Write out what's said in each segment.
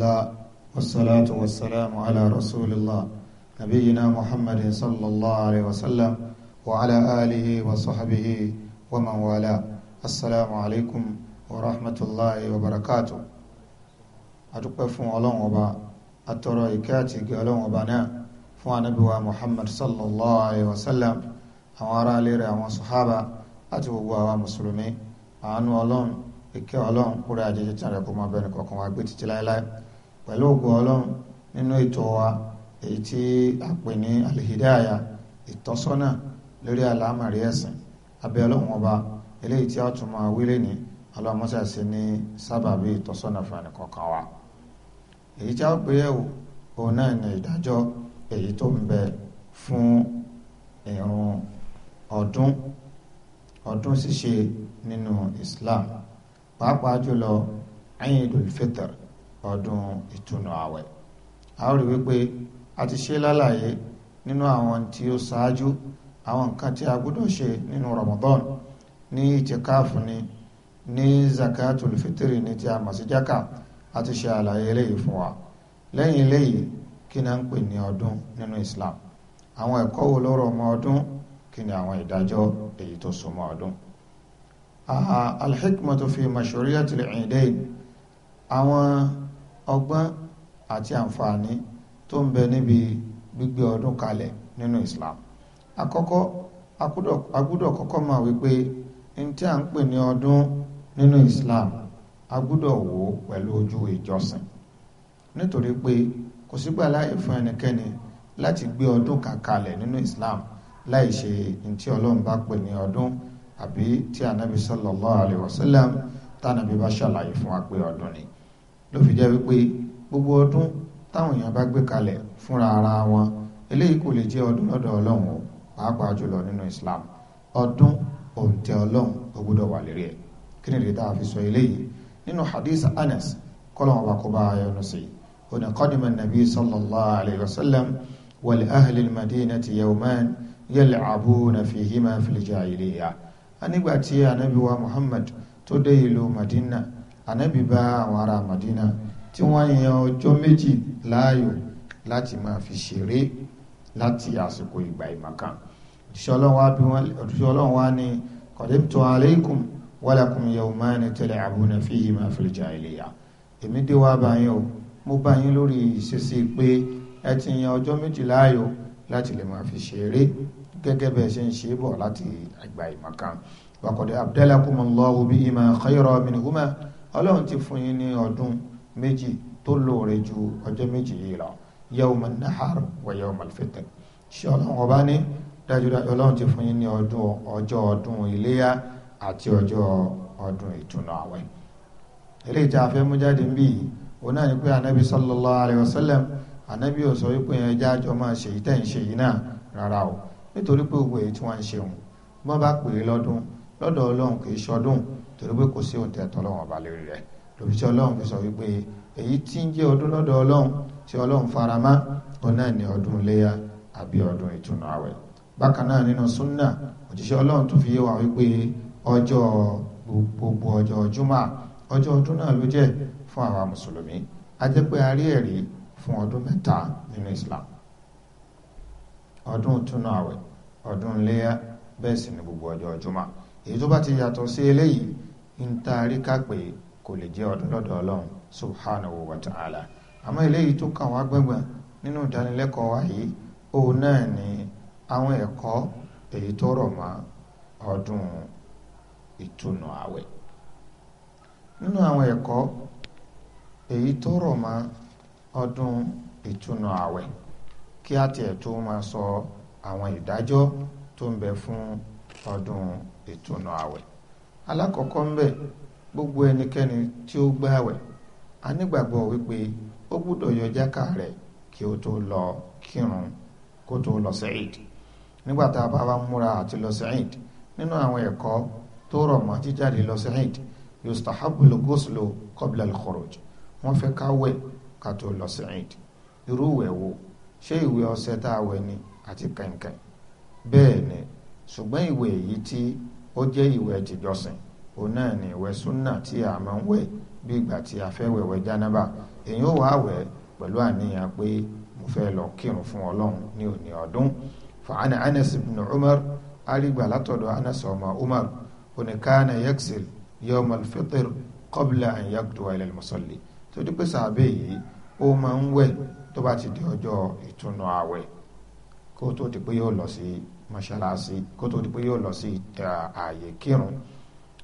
الله والصلاة والسلام على رسول الله نبينا محمد صلى الله عليه وسلم وعلى آله وصحبه ومن والاه السلام عليكم ورحمة الله وبركاته أدوك فون الله وبا أترى إكاتي قالون وبنا فون نبي محمد صلى الله عليه وسلم أمارا ليري أمو صحابة أتوقوا مسلمين àánú ọlọ́run ìkẹ́ ọlọ́run kúrẹ́ àjẹjẹ tí a rẹ̀ kó pẹ̀lú ògùn ọlọ́run nínú ètò wa èyí tí a pè ní alihidaya ìtọ́sọ́nà lórí àlámàrí ẹ̀sìn abẹ́ ọlọ́run ọba eléyìí tí a tún máa wílé ní ọlọ́mọṣàṣe ní sábàbí ìtọ́sọ́nà fún ẹnìkọ̀ọ̀kan wa èyí tí a pè yẹ̀wò òun náà ní ìdájọ́ èyí tó ń bẹ fún ìrun ọdún ọdún ṣíṣe nínú Islam pàápàá jùlọ Eidul Fitr ọdún ìtúnu àwẹ̀ a ó rí wípé a ti ṣe lálàyé nínú àwọn tí ó ṣáájú àwọn nǹkan tí a gbọ́dọ̀ ṣe nínú Ramadan ní ìtìkáàfù ni ní zakatul fitiri ní tí a mọ̀ sí jáka a ti ṣe àlàyé eléyìí fún wa lẹ́yìn eléyìí kí ni a ń pè ní ọdún nínú Islam àwọn ẹ̀kọ́ wo ló rọ̀ ọdún kí ni àwọn ìdájọ́ èyí tó so mọ́ ọdún alhikmatu fi mashuriyatil idain àwọn ọgbọ́n àti àǹfààní tó ń bẹ níbi gbígbé ọdún kalẹ̀ nínú Islam àkọ́kọ́ agbúdọ̀ kọ́kọ́ mọ̀ wípé n tí a ń pè ní ọdún nínú Islam agbúdọ̀ wò ó pẹ̀lú ojú ìjọsìn nítorí pé kò sígbà láàyè fún ẹnikẹ́ni láti gbé ọdún kan kalẹ̀ nínú Islam láì ṣe n tí Ọlọ́run bá pè ní ọdún àbí tí anabi sallallahu alayhi wa sallam tánàbí bá ṣàlàyé fún wa pé ọdún ni ló fi jẹ́ wípé gbogbo ọdún táwọn èèyàn bá gbé kalẹ̀ fúnra ara wọn eléyìí kò lè jẹ́ ọdún lọ́dọ̀ ọlọ́run o pàápàá jùlọ nínú Islam ọdún òǹtẹ̀ ọlọ́run ó gbọ́dọ̀ wà lérí ẹ̀ kí ni rí tá a fi sọ eléyìí nínú hadith Anas kọ́lọ́wọ́n bá kó bá a yọnu sí ó ní qadima an-nabi sallallahu alayhi wa sallam wa li ahli al-madinati yawman yal'abuna fihima fil jahiliyya a nígbà tí anabi Muhammad tó dé ìlú Madina ànábì bá àwọn ará Madina tí wọ́n yan ọjọ́ méjì láàyò láti máa fi ṣeré láti àsìkò ìgbà ìmọ̀kan òṣìṣẹ́ ọlọ́run wá ní qadimtu alaykum walakum yawmani tal'abuna fihima fil jahiliya èmi dé wá bá yín o mo bá yín lórí ìṣesí pé ẹ ti yan ọjọ́ méjì láàyò láti lè máa fi ṣeré gẹ́gẹ́ bẹ́ẹ̀ ṣe ń ṣe bọ̀ láti àgbà ìmọ̀kan wa qad abdalakumullahu bihima khayran minhuma ọlọ́run ti fún yín ní ọdún méjì tó lóore ju ọjọ́ méjì yìí lọ yawma nahar wa yawma alfitr ṣé ọlọ́run ọba ní dájúdájú ọlọ́run ti fún yín ní ọdún ọjọ́ ọdún iléyà àti ọjọ́ ọdún ìtúnu àwẹ̀ eléyìí tí a fẹ́ mú jáde ń bí yìí òun náà ni pé anabi sallallahu alayhi wa sallam anabi ò sọ wípé yẹn já àjọ máa ṣe yìí tẹ̀yìn ṣe yìí náà rárá o nítorí pé gbogbo èyí tí wọ́n ń ṣe òun bí bá pè é lọ́dún lọ́dọ̀ ọlọ́run kì í ṣọdún torí pé kò sí ohun tẹ̀ tọ́ ọba lórí rẹ̀ lòbí tí ọlọ́run fi sọ wípé èyí tí ń jẹ́ ọdún lọ́dọ̀ ọlọ́run tí ọlọ́run faramá òun náà ni ọdún iléyà àbí ọdún ìtúnu àwẹ̀ bákan náà nínú òjíṣẹ́ ọlọ́run tún fi yé gbogbo ọjọ́ ọjọ́ ọdún náà ló fún àwa mùsùlùmí a jẹ́ pé fún ọdún mẹ́ta nínú Islam ọdún ìtúnu àwẹ̀ ọdún iléyà bẹ́ẹ̀ sì ni gbogbo ọjọ́ èyí ń taari ká pé kò lè jẹ́ ọdún lọ́dọ̀ ọlọ́run subhanahu wa ta'ala àmọ́ eléyìí tó kàn wá gbẹ̀gbẹ̀ nínú ìdánilẹ́kọ̀ọ́ wa yìí òun náà ni àwọn ẹ̀kọ́ èyí tó rọ̀ mọ́ ọdún ìtúnu àwẹ̀ nínú àwọn ẹ̀kọ́ èyí tó rọ̀ mọ́ ọdún ìtúnu àwẹ̀ kí á tiẹ̀ tó máa sọ àwọn ìdájọ́ tó ń bẹ fún ọdún ìtúnu àwẹ̀ alákọ̀ọ́kọ́ ń bẹ gbogbo ẹnikẹ́ni tí ó gbààwẹ̀ a nígbàgbọ́ wípé ó gbúdọ̀ yọ jákà rẹ̀ kí ó tó lọ kírun kó tó lọ sí Eid nígbà tá a bá wá múra àti lọ sí Eid nínú àwọn ẹ̀kọ́ tó rọ̀ mọ́ jíjáde lọ sí Eid yustahabu lugoslo qabla al-khuruj wọ́n fẹ́ ká tó lọ sí irú ìwẹ̀ wo ṣé ìwẹ̀ ọṣẹ tá a wẹ̀ ni àti kẹ̀kẹ́ bẹ́ẹ̀ ni ṣùgbọ́n ìwẹ̀ èyí tí ó jẹ́ ìwẹ̀ tìjọsìn òun náà ni ìwẹ̀ súnà tí a máa ń wẹ̀ bí ìgbà tí a fẹ́ wẹ̀wẹ̀ jánábà èyí ó wàá wẹ̀ pẹ̀lú àníyàn pé mo fẹ́ lọ kírun fún ọlọ́run ní òní ọdún fàánà anas ibn umar arígbà látọ̀dọ̀ anas ọmọ umar oníkàánà yexil yọmọ fitr kọbílà àyàkùtù ilẹ̀ mùsọ̀lì tó dípẹ́ sàbẹ̀ yìí ó máa ń wẹ̀ tó bá ti di ọjọ́ ìtúnu ààwẹ̀ kó tó di pé yóò lọ sí mọ́ṣáláṣí kó tó di pé yóò lọ sí ààyè kírun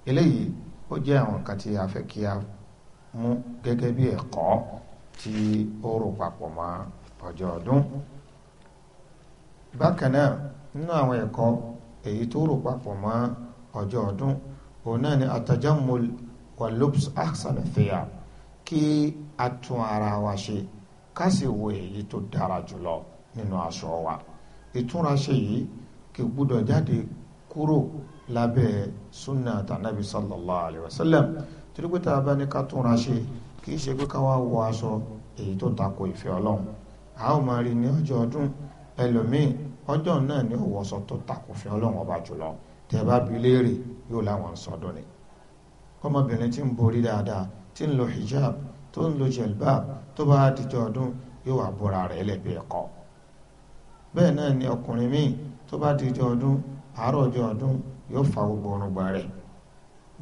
eléyìí ó jẹ́ àwọn kan tí a fẹ́ kí a mú gẹ́gẹ́ bí ẹ̀kọ́ tí ó rò papọ̀ mọ́ ọjọ́ ọdún bákan náà nínú àwọn ẹ̀kọ́ èyí tó rò papọ̀ mọ́ ọjọ́ ọdún òun náà ni atajammul wa lubs kí a tún ara wa ṣe ká sì wo èyí tó dára jùlọ nínú aṣọ wa ìtúnraṣe yìí kì í gbúdọ̀ jáde kúrò lábẹ́ sunna tànàbí sallallahu alayhi wa sallam torí pé tá a bá ní ká túnra ṣe kì í ṣe pé ká wá wọ aṣọ èyí tó tako ìfẹ́ ọlọ́run a ó máa rí ní ọjọ́ ọdún ẹlòmíín ọjọ́ náà ní òwòsàn tó tako ìfẹ́ ọlọ́run ọba jùlọ tẹ́ bá bi léèrè yóò láwọn sọdún ni kọ́mọbìnrin tí ń borí dáadáa tí ń lo hijab tó ń lo jelbab tó bá dijọ́ ọdún yóò wá bóra rẹ̀ lẹ́bi ẹ̀kọ́ bẹ́ẹ̀ náà ni ọkùnrin míì tó bá di ọjọ́ ọdún àárọ̀ ọjọ́ ọdún yóò fa gbogbo ọrùngbà rẹ̀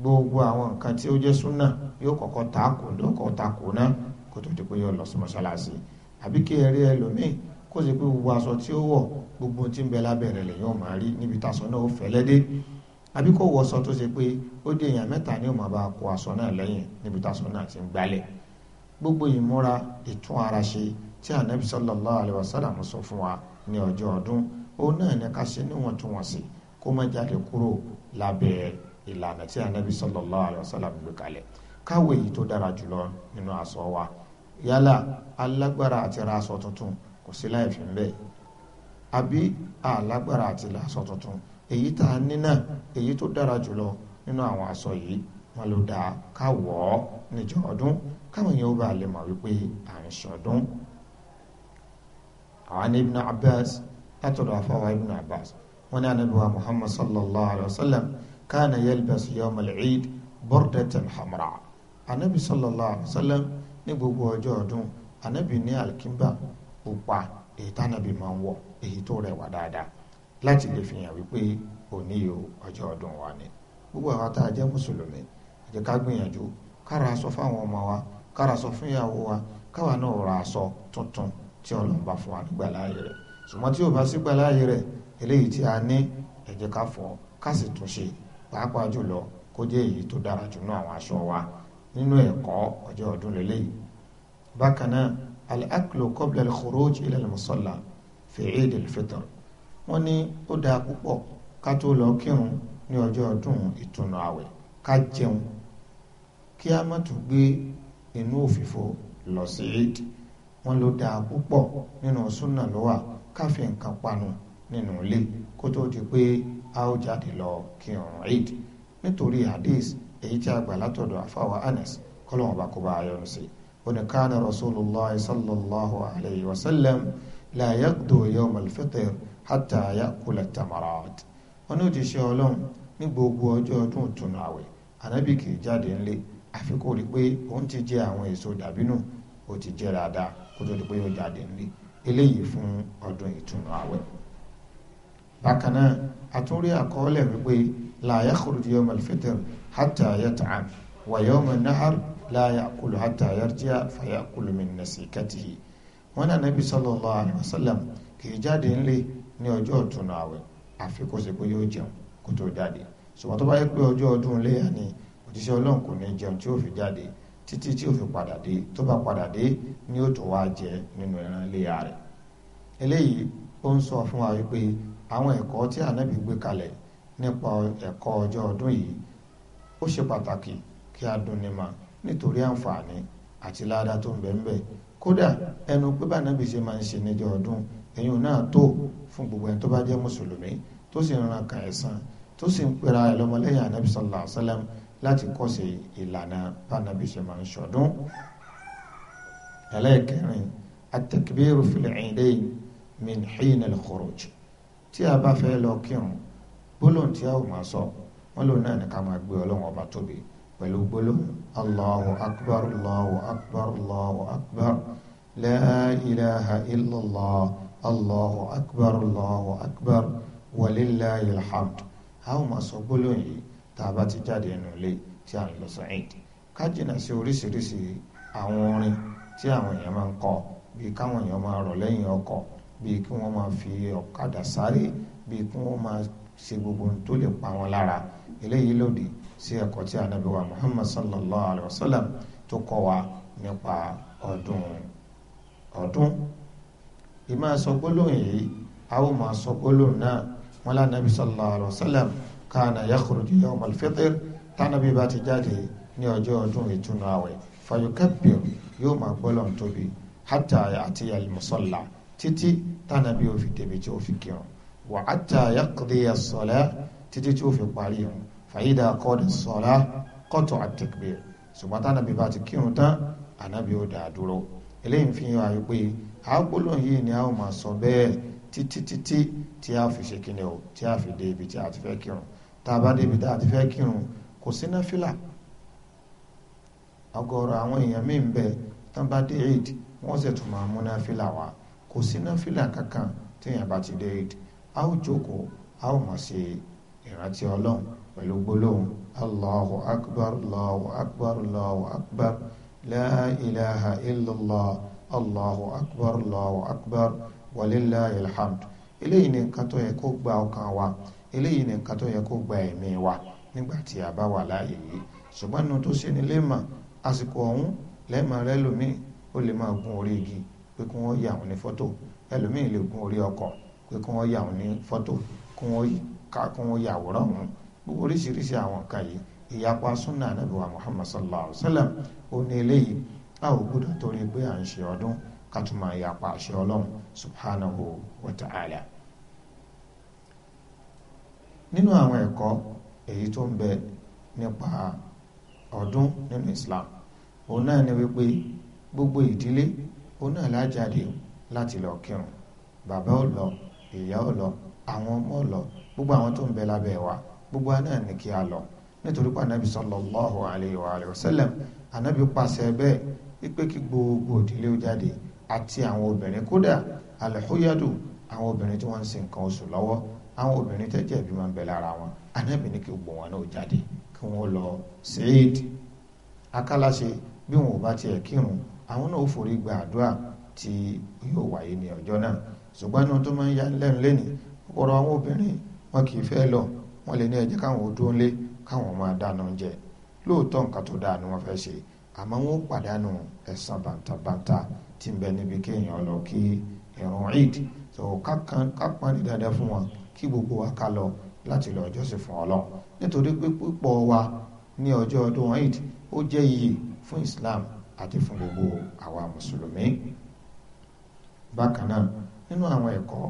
gbogbo àwọn nǹkan tí ó jẹ́ súnà yóò kọ́kọ́ ta kò ní ọkọ̀ ta kò ná kó tó di pé yóò lọ sí mọ́ṣáláṣí àbí kí ẹ rí ẹlòmíì kó sì pé gbogbo aṣọ tí ó wọ̀ gbogbo tí ń bẹ lábẹ́rẹ̀ lè yóò máa rí níbi taṣọ náà ó fẹ́lẹ́ dé àbí kó wọ aṣọ tó ṣe pé ó di èèyàn mẹ́ta ní ó máa bá kó aṣọ náà lẹ́yìn níbi taṣọ náà ti ń gbálẹ̀ gbogbo ìmúra ìtún ara ṣe tí ànábì sallallahu alaihi wasallam sọ fún wa ní ọjọ́ ọdún òun náà ní ká ṣe níwọ̀ntúnwọ̀nsì kó má jáde kúrò lábẹ́ ìlànà tí anabi sallallahu alayhi wa sallam gbé kalẹ̀ káwé yìí tó dára jùlọ nínú aṣọ wa yálà alágbára àti ra aṣọ tuntun kò sí láì fi bẹ́ẹ̀ àbí alágbára àti ra aṣọ tuntun èyí tá a ní náà èyí tó dára jùlọ nínú àwọn aṣọ yìí wọn ló dáa ká wọ̀ ọ́ níjọ ọdún káwọn èèyàn ó bá lè mọ̀ wípé à ń ṣọdún. àwọn ibn Abbas látọ̀dọ̀ àfọwà ibn abbas wọn ní anabiwa muhammad sallallahu alayhi wa sallam kana yalbas yom al-eid bordatan hamra anabi sallallahu alayhi wa sallam ní gbogbo ọjọ́ ọdún anabi ní alkimba pupa èyí tánabi máa ń wọ èyí tó rẹwà dáadáa láti lè fi hàn wípé òní yóò ọjọ́ ọdún wa ni gbogbo àwọn tá a jẹ́ mùsùlùmí ẹ ká gbìyànjú kára aṣọ fáwọn ọmọ wa kára aṣọ fún ìyàwó wa káwa náà ra aṣọ tuntun tí Ọlọ́run fún wa nígbà láàyè rẹ̀ ṣùgbọ́n tí ò bá sígbà láàyè rẹ̀ eléyìí tí a ní ẹ jẹ́ ká fọ̀ ká sì tún ṣe pàápàá jùlọ kó jẹ́ èyí tó dára jù náà àwọn aṣọ wa nínú ẹ̀kọ́ ọjọ́ ọdún lélẹ́yìí bákan náà al-aklu qabla al-khuruj ila al-musalla fi wọ́n ní ó dáa púpọ̀ ká tó lọ kírun ní ọjọ́ ọdún ìtùnú àwẹ̀ ká jẹun kí a má tún gbé inú òfìfo lọ sí Eid wọ́n ló dáa púpọ̀ nínú súnà ló ká fi nǹkan panu nínú ilé kó tó di pé a ó jáde lọ kí ọ̀run eid nítorí hadith èyí tí a gbà látọ̀dọ̀ àfáwà anas kọ́lọ́wọ́n bá kó bá a yọnu sí ó ní káàna rasulullah sallallahu alayhi wa sallam la yaqdu yawm al-fitr hatta yakula tamarat wọn ní òjíṣẹ́ ọlọ́run ní gbogbo ọjọ́ ọdún ìtùnú àwẹ̀ ànábì kì í jáde ńlé àfi rí pé òun ti jẹ àwọn èso dàbínú ó ti jẹ dáadáa kó tó di pé ó jáde ńlé eléyìí fún ọdún ìtúnu àwẹ̀ bákan náà àtúrí àkọọ́lẹ̀ wípé la yakhruju yawm al-fitr hatta yat'am wa yawm an-nahr la ya'kulu hatta yarji'a fa ya'kulu min nasikatihi wọn náà Nabi sallallahu alaihi wasallam kìí jáde ńlẹ̀ ní ọjọ́ ìtúnu àwẹ̀ àfi kó pé yóò jẹun kó tó jáde ṣùgbọ́n tó bá yẹ pé ọjọ́ ọdún léyà ni òjíṣẹ́ Ọlọ́run kò ní jẹun tí ó fi jáde títí tí ó fi padà dé tó bá padà dé ni ó tún wá jẹ nínú ẹran iléyá rẹ̀ eléyìí ó ń sọ fún wa wípé àwọn ẹ̀kọ́ tí ànábì gbé kalẹ̀ nípa ẹ̀kọ́ ọjọ́ ọdún yìí ó ṣe pàtàkì kí a dùn ní ma nítorí àǹfààní àti ládàá tó ń bẹ ń bẹ kódà ẹnu pé bá ànábì ṣe máa ń ṣe níjọ́ ọdún ẹ̀yìn náà tó fún gbogbo ẹni tó bá jẹ́ mùsùlùmí tó sì ń ran kàẹ̀sán tó sì ń pera ẹ̀ ànábì sallallahu alaihi láti kọ́sẹ̀ ìlànà bánabi ṣe máa ń ṣọdún ẹlẹ́ẹ̀kẹrin at-takbiru fil 'iidayn min hin al-khuruj tí a bá fẹ́ lọ kírun gbólóhùn tí a ò máa sọ wọn lòun náà ní ká máa gbé ọlọ́run ọba tóbi pẹ̀lú gbólóhùn allahu akbar allahu akbar allahu akbar la illallah allahu akbar allahu akbar walillahil hamd a ò máa sọ gbólóhùn yìí tá a bá ti jáde nínú ilé tí a ń lọ sọ́yìn ká jìnnà sí oríṣiríṣi àwọn orin tí àwọn èèyàn máa ń kọ bíi káwọn èèyàn máa rọ̀ lẹ́yìn ọkọ̀ bíi kí wọ́n máa fi ọ̀kadà sáré bíi kí wọ́n máa ṣe gbogbo ohun tó lè pa wọn lára eléyìí lòdì sí ẹ̀kọ́ tí ànábì wa Muhammad sallallahu alayhi wa sallam tó kọ́ wa nípa ọdún ọdún ìmáa sọ gbólóhùn yìí a ó máa sọ gbólóhùn náà wọn lánàbì sallallahu alayhi wa sallam kana yakhruju yawm al-fitr tánàbí bá ti jáde ní ọjọ́ ọdún ìtúnu àwẹ̀ fayukabbir yóò máa gbọ́ lọ́n tóbi hatta àti al-musalla títí tánàbí ó fi débi tí ó fi kírun wa hatta yaqdi as-salah títí tí ó fi parí irun fàyídà qada as-salah qata at-takbir ṣùgbọ́n tánàbí bá ti kírun tán ànábì ó dà dúró eléyìí fi hàn yí pé àápolóhùn yìí ni a ó máa sọ bẹ́ẹ̀ títí títí a fi ṣe kíni o tí a fi dé ibi tí a ti fẹ́ kírun tá a bá débi tá a ti fẹ́ kírun kò sí náfìlà ọ̀gọ̀rọ̀ àwọn èèyàn míì ń bẹ tán bá dé eid wọ́n sì tún máa mú náfìlà wá kò sí náfìlà kankan téèyàn bá ti dé eid a ó jókòó a ó máa ṣe ìrántí ọlọ́run pẹ̀lú gbólóhùn allahu akbar allahu akbar allahu akbar la ilaha illallah allahu akbar allahu akbar walillahil hamd eléyìí ni nǹkan tó yẹ kó gba ọkàn wa eléyìí ni nǹkan tó yẹ kó gba ẹ̀mí wa nígbà tí a bá wà láàyè yìí ṣùgbọ́n nínú tó ṣe ni léèmọ̀ àsìkò ọ̀hún lẹ́ẹ̀mọ̀ rẹ lòmíì ó lè máa gun orí igi pé kí wọ́n yà wọ́n ní fọ́tò ẹlòmíì lè gun orí ọkọ̀ pé kí wọ́n yà wọ́n ní fọ́tò kí wọ́n ká kí wọ́n yà wòrán wọn gbogbo oríṣiríṣi àwọn nǹkan yìí ìyapa súnà ànábì muhammad sallallahu alayhi wa sallam ó ní eléyìí a ò gbọ́dọ̀ torí pé à ń ṣe ọdún ká tún máa yapa àṣẹ ọlọ́run subhanahu wa ta'ala nínú àwọn ẹ̀kọ́ èyí tó ń bẹ nípa ọdún nínú Islam òun náà ni wípé gbogbo ìdílé òun náà lájáde láti lọ kírun bàbá ò lọ ìyá ò lọ àwọn ọmọ ò lọ gbogbo àwọn tó ń bẹ lábẹ́ wa gbogbo wa náà ní kí a lọ nítorí pé anabi sallallahu alayhi wa alayhi wa sallam anabi pàṣẹ bẹ́ẹ̀ wípé kí gbogbo ìdílé ó jáde àti àwọn obìnrin kódà alẹ́kóyàdù àwọn obìnrin tí wọ́n ń ṣe nǹkan oṣù lọ́wọ́ àwọn obìnrin tẹ́jẹ̀ bí máa ń bẹ lára wọn anábì ní kí gbogbo wọn náà jáde kí wọ́n lọ ṣéèdì akálàṣe bí wọn ò bá tiẹ̀ kírun àwọn náà ó forí gba àdúrà tí yóò wáyé ní ọjọ́ náà ṣùgbọ́n inú tó máa ń ya lẹ́nu lẹ́nu ọ̀pọ̀lọpọ̀ àwọn obìnrin wọn kì í fẹ́ lọ wọn lè ní ẹjẹ́ káwọn ó dúró káwọn máa dáná oúnjẹ lóòótọ́ nǹkan tó dáa ni wọ́n fẹ́ ṣe àmọ́ wọn pàdánù ẹ̀san bàǹtàbàǹtà tí ń bẹ níbi kéèyàn lọ kí ẹ̀rùn ìdí tó kápọn ní fún wọn kí gbogbo wa ká lọ láti lọ jọ́sìn fún ọlọ́run nítorí pé púpọ̀ wa ní ọjọ́ ọdún eid ó jẹ́ iyì fún islam àti fún gbogbo àwa mùsùlùmí bákan náà nínú àwọn ẹ̀kọ́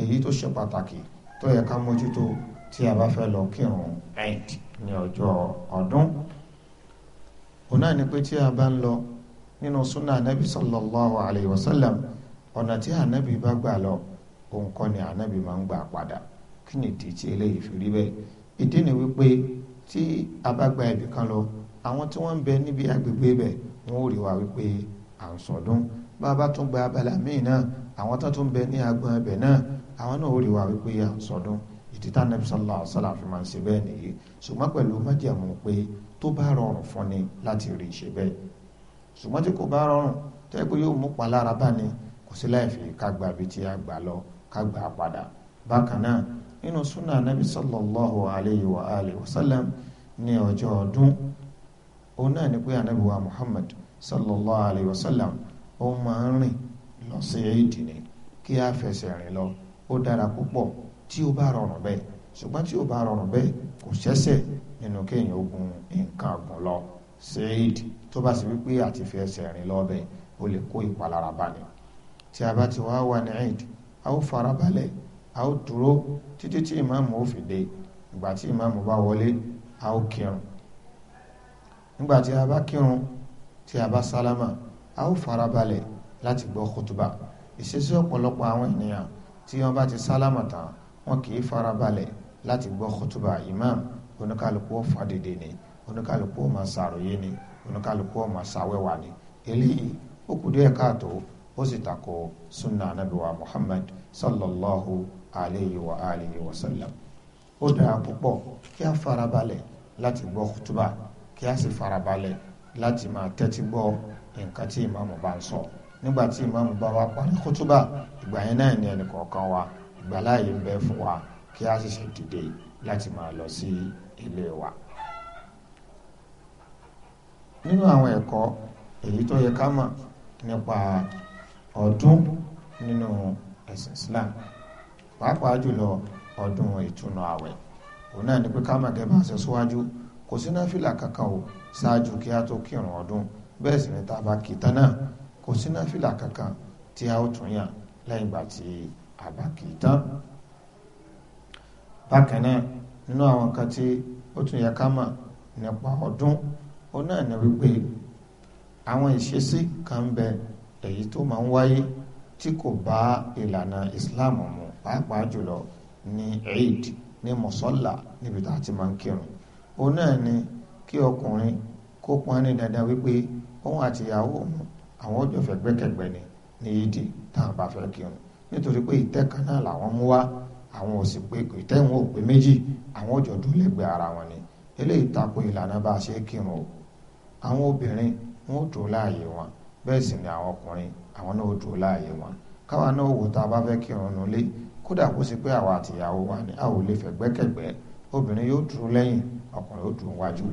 èyí tó ṣe pàtàkì tó yẹ ká mójútó tí a bá fẹ́ lọ kírun eid ní ọjọ́ ọdún òun náà ni pé tí a bá ń lọ nínú súnà anabi sallallahu alayhi wa sallam ọ̀nà tí anabi bá gbà lọ òun kọ́ ni ànábì máa ń gbà padà kí ni ìdí tí eléyìí fi rí bẹ́ẹ̀ ìdí ni wípé tí a bá gba ibì kan lọ àwọn tí wọ́n ń bẹ níbi agbègbè bẹ̀ wọ́n ò rí wa wípé à ń sọdún bá a bá tún gba abala míì náà àwọn tó tún bẹ ní agbọn ibẹ̀ náà àwọn náà ò rí wa wípé à ń sọdún ìdí tá nàbí sọlá ọsọlá fi máa ń ṣe bẹ́ẹ̀ nìyí ṣùgbọ́n pẹ̀lú májẹ̀mú pé tó bá rọrùn fún ni láti rí ṣe bẹ́ẹ̀ ṣùgbọ́n tí kò bá rọrùn tẹ́gbẹ́ yóò mú palára bá ni kò sí láì fi ká gbàbí tí a gbà lọ ká gbà padà bákan náà nínú súnà anábì sallallahu alayhi wa alihi wa sallam ní ọjọ́ ọdún òun náà ni pé anábì wa muhammad sallallahu alayhi wa sallam ó máa ń rìn lọ sí èdè ni kí a fẹsẹ̀ rìn lọ ó dára púpọ̀ tí ó bá rọrùn bẹ́ẹ̀ ṣùgbọ́n tí ó bá rọrùn bẹ́ẹ̀ kò ṣẹ́ṣẹ̀ nínú kéèyàn ogun nǹkan ọ̀gùn lọ sí èdè tó bá sì wípé àti fẹsẹ̀ rìn lọ bẹ́ẹ̀ ó lè kó ìpalára bá ni tí a bá ti wá wà ní èdè a ó farabalẹ̀ a ó dúró títí tí ìmáàmù ó fi dé ìgbà tí ìmáàmù bá wọlé a ó kírun nígbà tí a bá kírun tí a bá sálámà a ó farabalẹ̀ láti gbọ́ kútùbà ìṣesí ọ̀pọ̀lọpọ̀ àwọn ènìyàn tí wọ́n bá ti sálámà tán wọn kì í farabalẹ̀ láti gbọ́ kútùbà ìmáàmù oníkálukú ó fàdèdè ni oníkálukú ó máa ṣàròyé ni oníkálukú ó máa ṣàwẹ́wà ni eléyìí ó kù díẹ̀ káàtó ó sì takò sunna anabi wa muhammad sallallahu alayhi wa alihi wa sallam ó dára púpọ̀ kí a farabalẹ̀ láti gbọ́ kútúbà kí a sì farabalẹ̀ láti máa tẹ́tí gbọ́ nǹkan tí ìmáàmù bá ń sọ nígbà tí ìmáàmù bá wá parí kútúbà ìgbà yẹn náà ni ẹnì kọ̀ọ̀kan wa ìgbà láàyè ń bẹ fún wa kí a sì ṣe dìde láti máa lọ sí ilé wa. nínú àwọn ẹ̀kọ́ èyí tó yẹ ká mọ̀ nípa ọdún nínú ẹ̀sìn Islam pàápàá jùlọ ọdún ìtúnu àwẹ̀ òun náà ni pé ká màgẹ́ bá ṣe síwájú kò sí náfìlà kankan o ṣáájú kí a tó kírun ọdún bẹ́ẹ̀ sì ni tá a bá kì tán náà kò sí náfìlà kankan tí a ó tún yàn lẹ́yìn ìgbà tí a bá kì bákan náà nínú àwọn nǹkan tí ó tún yẹ ká mọ̀ nípa ọdún òun náà ni wípé àwọn ìṣesí kan bẹ́ẹ̀ èyí tó máa ń wáyé tí kò bá ìlànà Islam mu pàápàá jùlọ ní Eid ní mọ̀sọ́là níbi tá a ti máa ń kírun ó náà ni kí ọkùnrin kó pọn ní dandan wípé òun àti ìyàwó òun àwọn ọjọ́ fẹ́ gbẹ́kẹ̀gbẹ́ ni ní Eid tá a bá fẹ́ kírun nítorí pé ìtẹ́ kan náà làwọn mú wá àwọn ò sì pé ìtẹ́wọn ò pé méjì àwọn ọjọ́ dúró lẹ́gbẹ̀ẹ́ ara wọn ni eléyìí tako ìlànà bá a ṣe kírun o àwọn obìnrin wọn ò dúró láàyè wọn bẹ́ẹ̀ sì ni àwọn ọkùnrin àwọn náà ó dúró láàyè wọn káwọn náà wò tá a bá fẹ́ kírun nulẹ̀ kódà kó sì pé àwọn àtìyàwó wa ni a ò lè fẹ́ gbẹ́kẹ̀gbẹ́ obìnrin yóò dúró lẹ́yìn ọkùnrin ó dúró wájú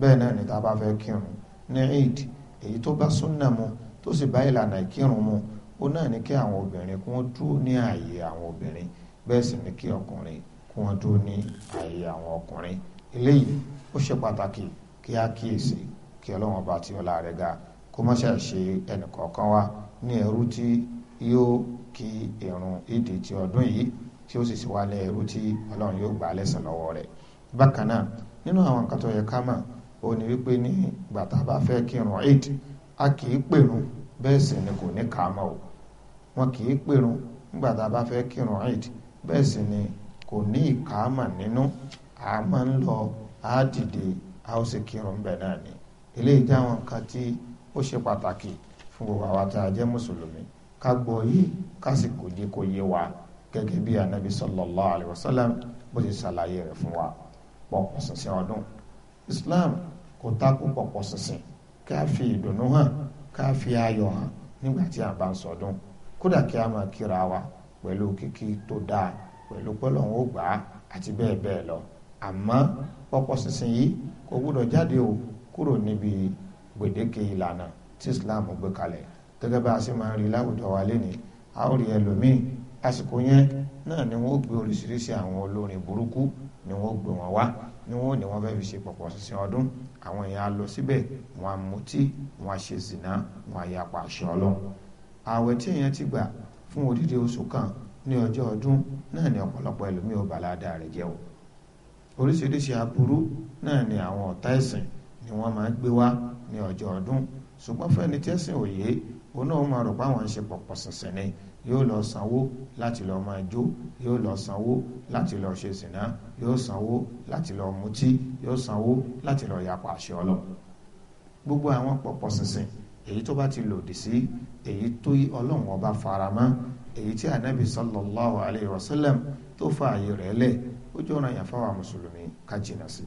bẹ́ẹ̀ náà ni tá a bá fẹ́ kírun ní eid èyí tó bá súnà mu tó sì bá ìlànà ìkírun mu ó náà ní kí àwọn obìnrin kí dúró ní ààyè àwọn obìnrin bẹ́ẹ̀ sì ni kí ọkùnrin kí wọ́n dúró ní ààyè àwọn ọkùnrin eléyìí ó ṣe pàtàkì kí á kíyèsí kí ọlọ́run ọba tí ọlá rẹ̀ ga kó má ṣe àṣe ẹnìkọ̀ọ̀kan wa ní ẹrú tí yóò kí ìrun ti ọdún yìí tí ó sì sì wá ní ẹrú tí ọlọ́run yóò gbà lẹ́sìn lọ́wọ́ rẹ̀ bákan náà nínú àwọn nǹkan tó yẹ ká ó bá fẹ́ kí ni kò ní o wọn kì í pèrun a bá fẹ́ kí ni kò ní a máa ń lọ á dìde ni eléyìí ó ṣe pàtàkì fún gbogbo àwa tá a jẹ́ mùsùlùmí ká gbọ́ yìí ká sì kò dé kó yé wa gẹ́gẹ́ bí anabi sallallahu alayhi wa sallam bó ti ṣàlàyé rẹ̀ fún wa pọ̀pọ̀ ṣinṣin ọdún islam kò takò pọ̀pọ̀ ṣinṣin ká fi ìdùnnú hàn ká fi ayọ̀ hàn nígbà tí a bá ń sọdún kódà kí a máa kíra wa pẹ̀lú kíkí tó dáa pẹ̀lú pọ́lọ́hún ó gbà á àti bẹ́ẹ̀ bẹ́ẹ̀ lọ àmọ́ pọ̀pọ̀ ṣinṣin yìí kò gbúdọ̀ jáde o kúrò níbi gbèdéke ìlànà tí Islam gbé kalẹ̀ gẹ́gẹ́ bá a ṣe máa ń rí láwùjọ wa lénìí a ó ẹlòmíì àsìkò yẹn náà ni wọ́n gbé oríṣiríṣi àwọn olórin burúkú ni wọ́n gbé wọn wá ni wọ́n ní wọ́n fẹ́ fi ṣe pọ̀pọ̀ sísìn ọdún àwọn èèyàn á lọ síbẹ̀ wọ́n á mutí wọ́n á ṣe zìnà wọ́n á yapa àṣẹ ọlọ́run ààwẹ̀ tí èèyàn ti gbà fún odidi oṣù kan ní ọjọ́ ọdún náà ni ọ̀pọ̀lọpọ̀ ẹlòmíì ò bàládà rẹ̀ jẹ́ o oríṣiríṣi aburú náà ni àwọn ọ̀tá ẹ̀sìn ni wọ́n máa ń gbé wá ní ọjọ́ ọdún ṣùgbọ́n fẹ́ni tẹ́sìn òye òun náà rò pé àwọn ṣe pọ̀pọ̀ ṣẹ̀ṣẹ̀ ni yóò lọ sanwó láti lọ máa jó yóò lọ sanwó láti lọ ṣe sìnà yóò sanwó láti lọ mutí yóò sanwó láti lọ yapa àṣẹ ọlọ gbogbo àwọn pọ̀pọ̀ ṣẹ̀ṣẹ̀ èyí tó bá ti lòdì sí èyí tó ọlọ́run ọba faramọ́ èyí tí anabi sallallahu alayhi wa sallam tó fa àyè rẹ̀ lẹ̀ ó jọ ọ̀ràn yàn fáwọn mùsùlùmí ká jìnnà sí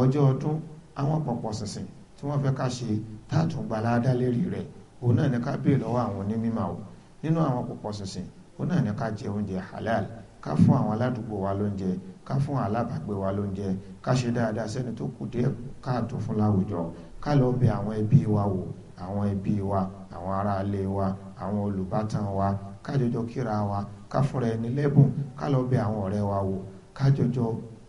ọjọ́ ọdún àwọn pọ̀pọ̀ ṣẹ̀ṣẹ̀ tí wọ́n fẹ́ ká ṣe táàtún gba aládá lérí rẹ̀ òun náà ní ká béè lọ́wọ́ àwọn onímọ̀ o nínú àwọn pọ̀pọ̀ ṣinṣin òun náà ní ká jẹ oúnjẹ halal ká fún àwọn aládùúgbò wa lóúnjẹ ká fún alábàgbé wa lóúnjẹ ká ṣe dáadáa sẹ́ni tó kù díẹ̀ káàtó fún láwùjọ ká lọ bẹ̀ àwọn ẹbí wa wò àwọn ẹbí wa àwọn aráalé wa àwọn olùbátan wa ká jọjọ kíra wa ká fúnra ẹni lẹ́bùn ká lọ bẹ̀ àwọn ọ̀rẹ́ wa wò ká jọjọ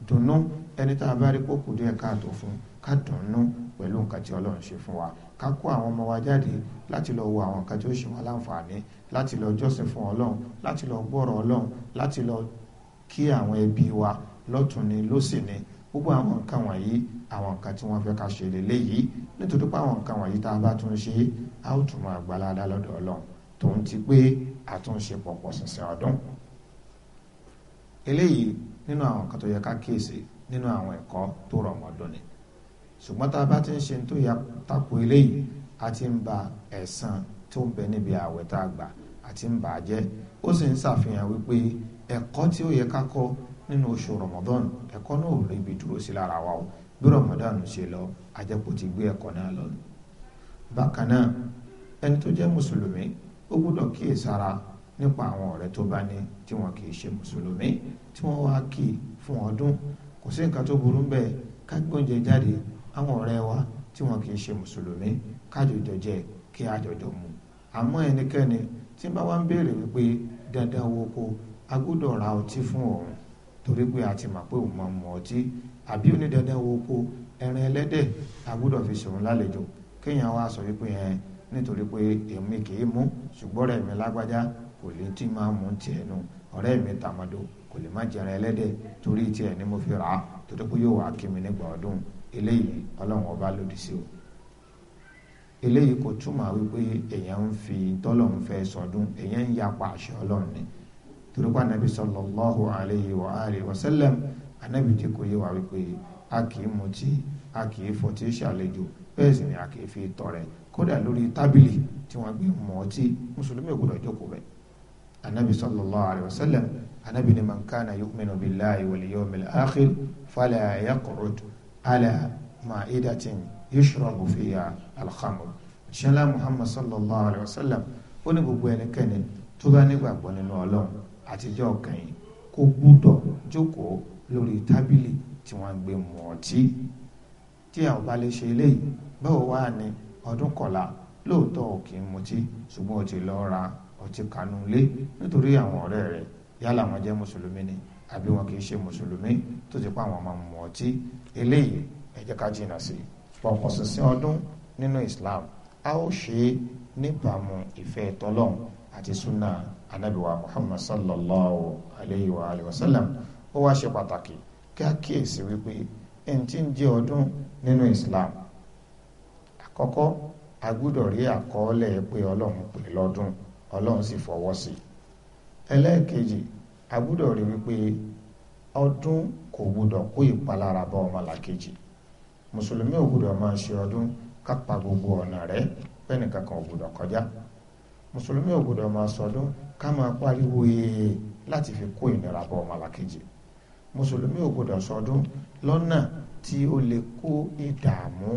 dùnnú ẹni tá a bá rí kó kù díẹ̀ káàtó fún ká dùnnú pẹ̀lú nǹkan tí ọlọ́run ṣe fún wa ká kó àwọn ọmọ wa jáde láti lọ wo àwọn nǹkan tí ó ṣe wá láǹfààní láti lọ jọ́sìn fún ọlọ́run láti lọ gbọ́rọ̀ ọlọ́run láti lọ kí àwọn ẹbí wa lọ́tún ni lósì ni gbogbo àwọn nǹkan wọ̀nyí àwọn nǹkan tí wọ́n fẹ́ ká ṣe lélẹ́yìí nítorí pé àwọn nǹkan wọ̀nyí tá a bá tún ṣe á ó tún máa gba ládàá lọ́dọ̀ ọlọ́run tòun ti pé àtúnṣe pọ̀pọ̀ ṣinṣin ọdún eléyìí nínú àwọn nǹkan tó yẹ ká kíyèsí nínú àwọn ẹ̀kọ́ tó rọ̀ mọ́dún ni ṣùgbọ́n tá a bá ti ń ṣe tó yà tako eléyìí a ti ń ba ẹ̀san tó ń bẹ níbi ààwẹ̀ tá a gbà a ti ń bà á jẹ́ ó sì ń ṣàfihàn wípé ẹ̀kọ́ tí ó yẹ ká kọ́ nínú oṣù Ramadan ẹ̀kọ́ náà ò rí ibi dúró sí lára wa o bí Ramadan ṣe lọ ajẹ́pọ̀ ti gbé ẹ̀kọ́ náà lọ. bákan náà ẹni tó jẹ́ mùsùlùmí ó gbọ́dọ̀ kíyèsára nípa àwọn ọ̀rẹ́ tó bá ní tí wọn kì í ṣe mùsùlùmí tí wọ́n wá kì fún ọdún kò sí nǹkan tó burú bẹ́ẹ̀ ká gbóúnjẹ jáde àwọn ọ̀rẹ́ wa tí wọn kì í ṣe mùsùlùmí kájọjọ jẹ kí àjọjọ mu àmọ́ ẹnikẹ́ni tí bá wá ń béèrè wípé dandan wo ko a gbọ́dọ̀ ra ọtí fún òun torí pé a ti mọ̀ pé òun máa mu ọtí àbí ó ní dandan wo ko ẹran ẹlẹ́dẹ̀ a gbọ́dọ̀ fi ṣòun lálejò kéèyàn wá sọ wípé yẹn nítorí pé èmi kì í mú ṣùgbọ́n ọ̀rẹ́ mi lágbájá kò lè tí máa mú tiẹ̀ nù ọ̀rẹ́ mi tàmọ́dọ̀ kò lè má jẹran ẹlẹ́dẹ̀ torí tiẹ̀ ni mo fi rà á torí pé yóò wá kí mi nígbà ọdún eléyìí ọlọ́run ọba lòdì sí o eléyìí kò túmọ̀ wípé èèyàn ń fi tọ́lọ́run fẹ́ sọdún èèyàn ń yapa àṣẹ ọlọ́run ni torípa nàbí sallallahu alayhi wa alihi wa sallam anábì tí kò yé wa wípé a kì í mutí a kì í fọtí ṣàlejò bẹ́ẹ̀ sì ni a kì í fi tọrẹ kódà lórí tábìlì tí wọ́n gbé mọ́ mùsùlùmí ò gbọdọ̀ jókòó bẹ́ẹ̀ anabi sallallahu alayhi wa sallam anabi ni man kana yu'minu billahi wal yawmil على ma'idatin يشرب فيها الخمر. khamr ṣẹlá muhammad sallallahu alayhi wa sallam ó ní gbogbo ẹnikẹ́ni tó bá nígbàgbọ́ nínú ọlọ́run àtijọ́ kẹ́yìn kó gbúdọ̀ jókòó lórí tábìlì tí wọ́n ń gbé mu ọtí tí a ò bá lè ṣe eléyìí báwo wá ní ọdún kọ̀la lóòótọ́ ò mutí ṣùgbọ́n ó ti ọtí kanú nítorí àwọn ọ̀rẹ́ rẹ̀ yálà wọn jẹ́ mùsùlùmí ni àbí wọn kì í ṣe mùsùlùmí tó ti pa àwọn ọmọ mu eléyìí ẹ jẹ́ ká jìnnà sí pọ̀pọ̀ sísìn ọdún nínú Islam a ó ṣe é níbàámu ìfẹ́ tọ́lọ́hún àti sunna anabiwa Muhammad sallallahu alayhi wa alayhi wa sallam ó wá ṣe pàtàkì kí a kíyèsí wípé ẹni tí ń jẹ ọdún nínú Islam àkọ́kọ́ a gbúdọ̀ rí àkọọ́lẹ̀ pé ọlọ́run pè lọ́dún ọlọ́run sì fọwọ́ sí ẹlẹ́ẹ̀kejì a rí wípé ọdún kò gbúdọ̀ kó ìpalára bá ọmọlàkejì mùsùlùmí ò gbúdọ̀ máa ṣe ọdún kápá gbogbo ọ̀nà rẹ̀ bẹ́ẹ̀ni kankan ò gbúdọ̀ kọjá mùsùlùmí ò gbúdọ̀ máa sọdún ká máa pariwo ee láti fi kó ìnira bá ọmọlàkejì mùsùlùmí ò gbúdọ̀ sọdún lọ́nà tí ó lè kó ìdààmú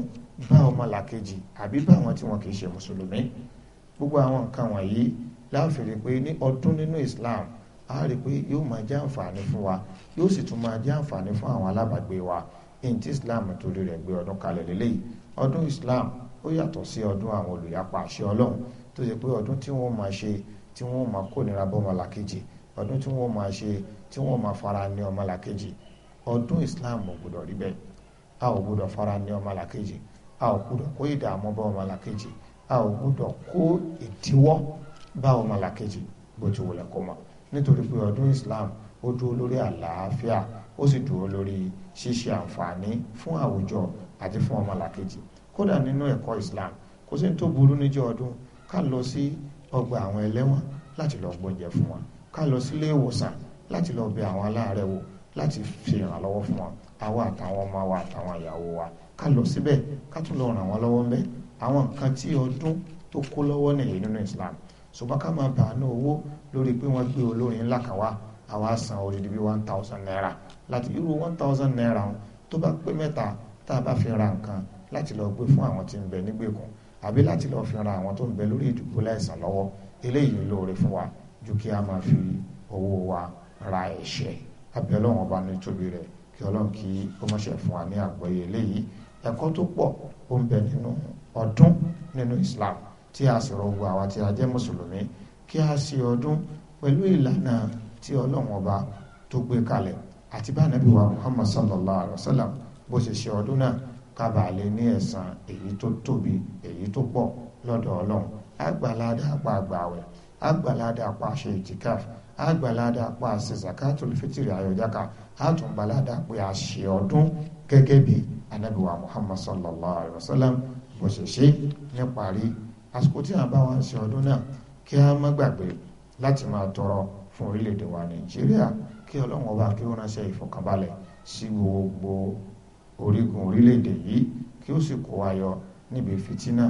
bá ọmọlàkejì àbí bá àwọn tí wọn kì í ṣe mùsùlùmí gbogbo àwọn nǹkan wọ̀nyí láàfin rí pé ní ọdún nínú Islam a rí pé yóò máa jẹ́ àǹfààní fún wa yóò sì tún máa jẹ́ àǹfààní fún àwọn alábàgbé wa in ti islam torí rẹ̀ gbé ọdún kalẹ̀ lélẹ́yìí ọdún islam ó yàtọ̀ sí ọdún àwọn olùyapa àṣẹ ọlọ́run tó ṣe pé ọdún tí wọ́n máa ṣe tí wọ́n máa kó nira bọ́ ọmọlàkejì ọdún tí wọ́n máa ṣe tí wọ́n máa fara ní ọmọlàkejì ọdún islam ò gbọdọ̀ rí bẹ́ẹ̀ a ò gbọdọ̀ fara ní ọmọlàkejì a ò gbọdọ̀ kó ìdààmú bá ọmọlàkejì a ò gbọdọ̀ kó ìdíwọ́ bá ọmọlàkejì bó ti wùlẹ̀ kó mọ́ nítorí pé ọdún islam ó dúró lórí àlàáfíà ó sì dúró lórí ṣíṣe àǹfààní fún àwùjọ àti fún ọmọlàkejì kódà nínú ẹ̀kọ́ Islam kò sí ní tó burú níjọ́ ọdún ká lọ sí ọgbà àwọn ẹlẹ́wọ̀n láti lọ gbọ́únjẹ fún wọn ká lọ sílé ìwòsàn láti lọ bẹ̀ àwọn aláàárẹ̀ wò láti fi ìrànlọ́wọ́ fún wọn àwa àtàwọn ọmọ wa àtàwọn ìyàwó wa ká lọ síbẹ̀ ká tún lọ ràn wọ́n lọ́wọ́ ńbẹ̀ àwọn nǹkan tí ọdún tó kó lọ́wọ́ nìyí nínú Islam ṣùgbọ́n ká máa bàánú owó lórí pé wọ́n gbé olórin ńlá kan wá àwọn àsàn òdìdí bíi one thousand naira láti irú one thousand naira tó bá pé mẹ́ta tá a bá fi ra nǹkan láti lọ gbé fún àwọn tí ń bẹ nígbèkùn àbí láti lọ fi ra àwọn tó ń bẹ lórí ìdìbò láìsàn lọ́wọ́ eléyìí lóore fún wa ju kí a máa fi owó wa ra ẹ̀ṣẹ̀ àbí ọlọ́run ọba ní tóbi rẹ̀ kí ọlọ́run kí ó mọ̀ṣẹ́ fún wa ní àgbọ́yé eléyìí ẹ̀kọ́ tó pọ̀ ó ń bẹ nínú ọdún nínú Islam tí a sọ̀rọ̀ gbogbo àwa tí a jẹ́ mùsùlùmí kí a ṣe ọdún pẹ̀lú ìlànà tí ọlọ́run ọba tó gbé kalẹ̀ àti bá nàbí wa muhammad sallallahu alayhi wa sallam bó ṣe ṣe ọdún náà kábàálẹ̀ ní ẹ̀san èyí tó tóbi èyí tó pọ̀ lọ́dọ̀ ọlọ́run àgbàládà apá àgbàwẹ̀ àgbàládà apá ṣe ìtìkáf àgbàládà apá ṣe fitiri ayọ̀jáka àtúngbàládà pé a ọdún gẹ́gẹ́ bí anabi wa muhammad sallallahu alayhi wa sallam bó ṣe ṣe níparí àsìkò tí a bá wá ń ṣe ọdún náà kí a má gbàgbé láti máa tọrọ fún orílẹ̀-èdè wa nàìjíríà kí ọlọ́run ọba kí ó ránṣẹ́ ìfọ̀kànbalẹ̀ sí gbogbo orígun orílẹ̀-èdè yìí kí ó sì kó wa yọ níbi fìtínà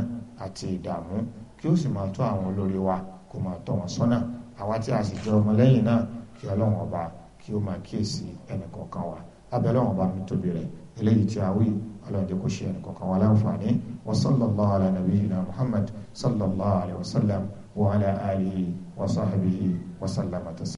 àti ìdààmú kí ó sì máa tọ́ àwọn olórí wa kó máa tọ́ wọn sọ́nà àwa tí a sì jẹ́ ọmọlẹ́yìn náà kí ọlọ́run ọba kí ó máa kíyèsí ẹnì kọ̀ọ̀kan wa abẹ́ ọlọ́run ọba mi tóbi rẹ̀ eléyìí tí a wí ọlọ́run jẹ́ kó ṣe ẹnì kọ̀ọ̀kan wa láǹfààní wa sallallahu ala nabiyyina muhammad sallallahu alayhi wa sallam وعلى آله وصحبه وسلم تسليما